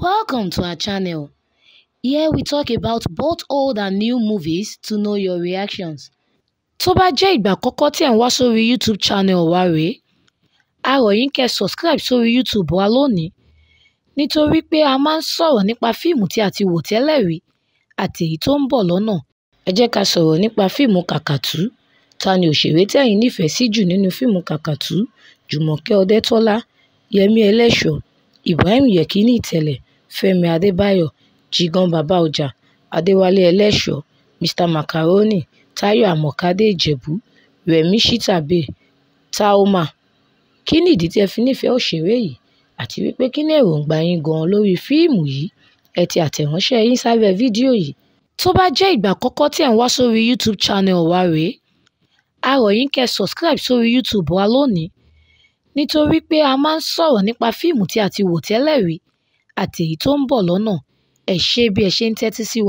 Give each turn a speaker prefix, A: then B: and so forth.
A: Welcome to our channel. Here we talk about both old and new movies to know your reactions. Tó bá jẹ́ ìgbà àkọ́kọ́ tí ẹ̀ ń wá sórí YouTube channel wa rèé, a rọ̀ yín kẹ́ subscribe sórí YouTube wa lónìí nítorí pé a máa ń sọ̀rọ̀ nípa fíìmù tí a ti wò tẹ́lẹ̀ rí àti èyí tó ń bọ̀ lọ́nà. Ẹ jẹ́ ká sọ̀rọ̀ nípa fíìmù Kàkàtú. Ta ni òṣèré tẹ́yin nífẹ̀ẹ́ sí jù nínú fíìmù Kàkàtú? Jùmọ̀kẹ́ Ọdẹ́tọ́lá, Yẹmí Ẹlẹ́ṣọ̀, Ibrahim Yekini Ìtẹ̀lẹ̀ fẹ́mi adébáyò jígan bàbá ọjà adéwálé eléso mr macaroni táyọ̀ àmọ̀kàdé ìjẹ̀bù rẹmi sítàbé táómà kí nìdí tí ẹ fi nífẹ̀ẹ́ òṣèré yìí àti wípé kí ni èròǹgbà yín gan-an lórí fíìmù yìí ẹ ti àtẹ̀ránṣẹ́ yín sábẹ́ fídíò yìí tó bá jẹ́ ìgbà àkọ́kọ́ tí ẹ̀ ń wá sórí youtube channel wa rèé a yín kẹ́ subscribe sórí youtube wa lónìí nítorí pé a máa ń sọ̀rọ̀ nípa fíìmù tí a ti wò tẹ́lẹ̀ rí àtèyí tó ń bọ̀ lọ́nà ẹ̀ ṣe bí ẹ ṣe ń tẹ́tí sí wa